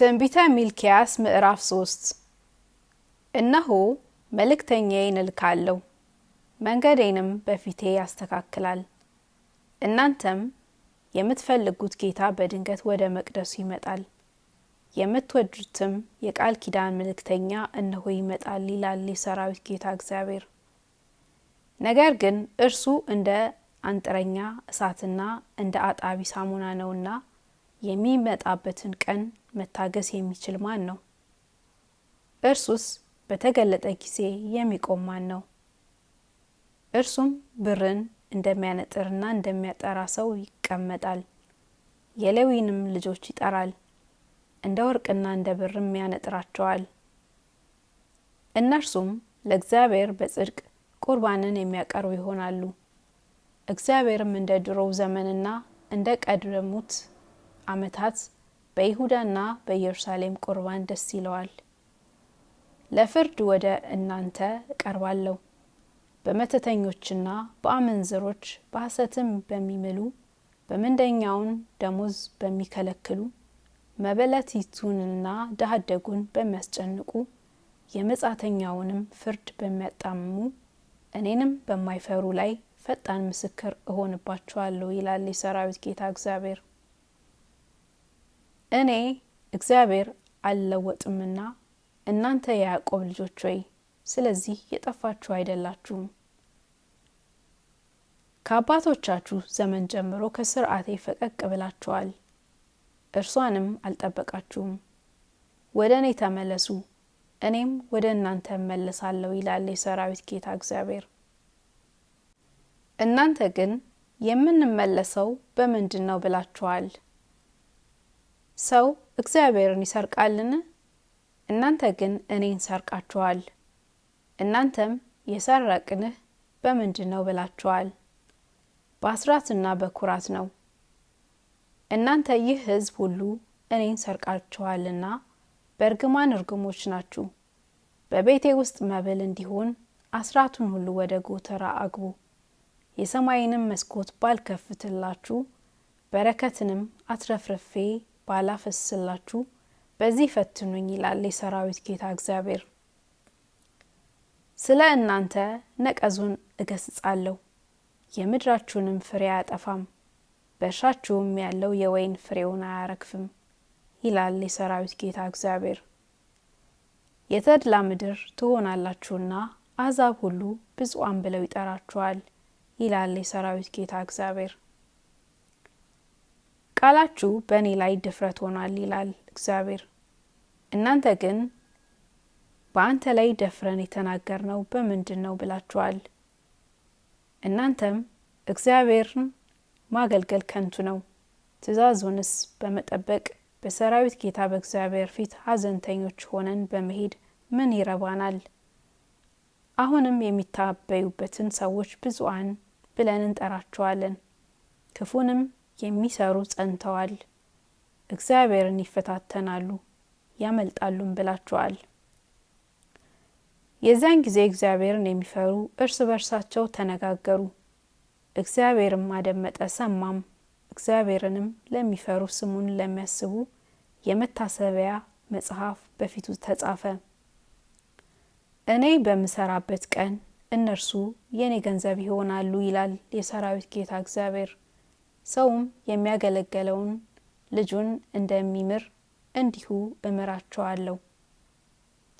ትንቢተ ሚልኪያስ ምዕራፍ ሶስት እነሆ መልእክተኛዬን እልካለሁ፣ መንገዴንም በፊቴ ያስተካክላል። እናንተም የምትፈልጉት ጌታ በድንገት ወደ መቅደሱ ይመጣል፣ የምትወዱትም የቃል ኪዳን መልእክተኛ እነሆ ይመጣል ይላል የሰራዊት ጌታ እግዚአብሔር። ነገር ግን እርሱ እንደ አንጥረኛ እሳትና እንደ አጣቢ ሳሙና ነውና የሚመጣበትን ቀን መታገስ የሚችል ማን ነው? እርሱስ በተገለጠ ጊዜ የሚቆም ማን ነው? እርሱም ብርን እንደሚያነጥርና እንደሚያጠራ ሰው ይቀመጣል፣ የሌዊንም ልጆች ይጠራል፣ እንደ ወርቅና እንደ ብርም ያነጥራቸዋል። እነርሱም ለእግዚአብሔር በጽድቅ ቁርባንን የሚያቀርቡ ይሆናሉ። እግዚአብሔርም እንደ ድሮው ዘመንና እንደ ቀደሙት ዓመታት በይሁዳና በኢየሩሳሌም ቁርባን ደስ ይለዋል። ለፍርድ ወደ እናንተ እቀርባለሁ። በመተተኞችና በአመንዝሮች በሐሰትም በሚምሉ በምንደኛውን ደሞዝ በሚከለክሉ መበለቲቱንና ደሃደጉን በሚያስጨንቁ የመጻተኛውንም ፍርድ በሚያጣምሙ እኔንም በማይፈሩ ላይ ፈጣን ምስክር እሆንባቸዋለሁ ይላል የሰራዊት ጌታ እግዚአብሔር። እኔ እግዚአብሔር አልለወጥምና እናንተ የያዕቆብ ልጆች ሆይ ስለዚህ የጠፋችሁ አይደላችሁም። ከአባቶቻችሁ ዘመን ጀምሮ ከስርዓቴ ፈቀቅ ብላችኋል፣ እርሷንም አልጠበቃችሁም። ወደ እኔ ተመለሱ፣ እኔም ወደ እናንተ እመለሳለሁ ይላል የሰራዊት ጌታ እግዚአብሔር። እናንተ ግን የምንመለሰው በምንድን ነው ብላችኋል። ሰው እግዚአብሔርን ይሰርቃልን? እናንተ ግን እኔን ሰርቃችኋል፣ እናንተም የሰረቅንህ በምንድን ነው ብላችኋል። በአስራትና በኩራት ነው። እናንተ ይህ ሕዝብ ሁሉ እኔን ሰርቃችኋልና በእርግማን እርግሞች ናችሁ። በቤቴ ውስጥ መብል እንዲሆን አስራቱን ሁሉ ወደ ጎተራ አግቡ። የሰማይንም መስኮት ባልከፍትላችሁ በረከትንም አትረፍርፌ ባላፈስላችሁ በዚህ ፈትኑኝ ይላል የሰራዊት ጌታ እግዚአብሔር። ስለ እናንተ ነቀዙን እገስጻለሁ፣ የምድራችሁንም ፍሬ አያጠፋም፣ በእርሻችሁም ያለው የወይን ፍሬውን አያረግፍም ይላል የሰራዊት ጌታ እግዚአብሔር። የተድላ ምድር ትሆናላችሁና አሕዛብ ሁሉ ብፁዓን ብለው ይጠራችኋል ይላል የሰራዊት ጌታ እግዚአብሔር። ቃላችሁ በእኔ ላይ ድፍረት ሆኗል ይላል እግዚአብሔር። እናንተ ግን በአንተ ላይ ደፍረን ነው በምንድን ነው ብላችኋል። እናንተም እግዚአብሔርን ማገልገል ከንቱ ነው፣ ትእዛዙንስ በመጠበቅ በሰራዊት ጌታ በእግዚአብሔር ፊት ሀዘንተኞች ሆነን በመሄድ ምን ይረባናል? አሁንም የሚታበዩበትን ሰዎች ብዙአን ብለን እንጠራቸዋለን ክፉንም የሚሰሩ ጸንተዋል፣ እግዚአብሔርን ይፈታተናሉ ያመልጣሉም ብላችኋል። የዚያን ጊዜ እግዚአብሔርን የሚፈሩ እርስ በርሳቸው ተነጋገሩ። እግዚአብሔርም አደመጠ ሰማም። እግዚአብሔርንም ለሚፈሩ ስሙን ለሚያስቡ የመታሰቢያ መጽሐፍ በፊቱ ተጻፈ። እኔ በምሰራበት ቀን እነርሱ የእኔ ገንዘብ ይሆናሉ ይላል የሰራዊት ጌታ እግዚአብሔር። ሰውም የሚያገለግለውን ልጁን እንደሚምር እንዲሁ እምራችኋለሁ።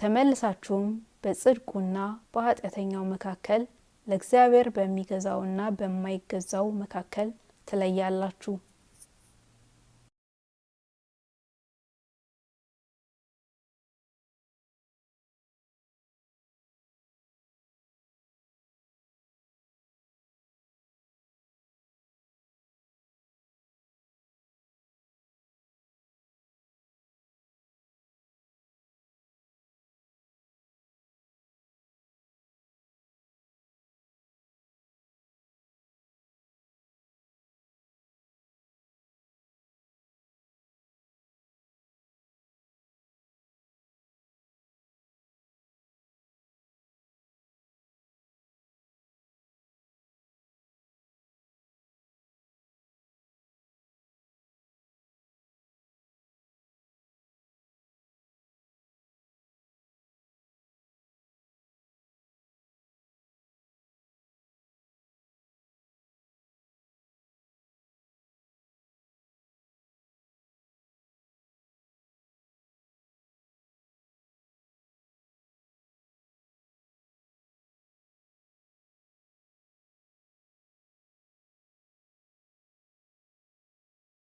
ተመልሳችሁም በጽድቁና በኃጢአተኛው መካከል ለእግዚአብሔር በሚገዛውና በማይገዛው መካከል ትለያላችሁ።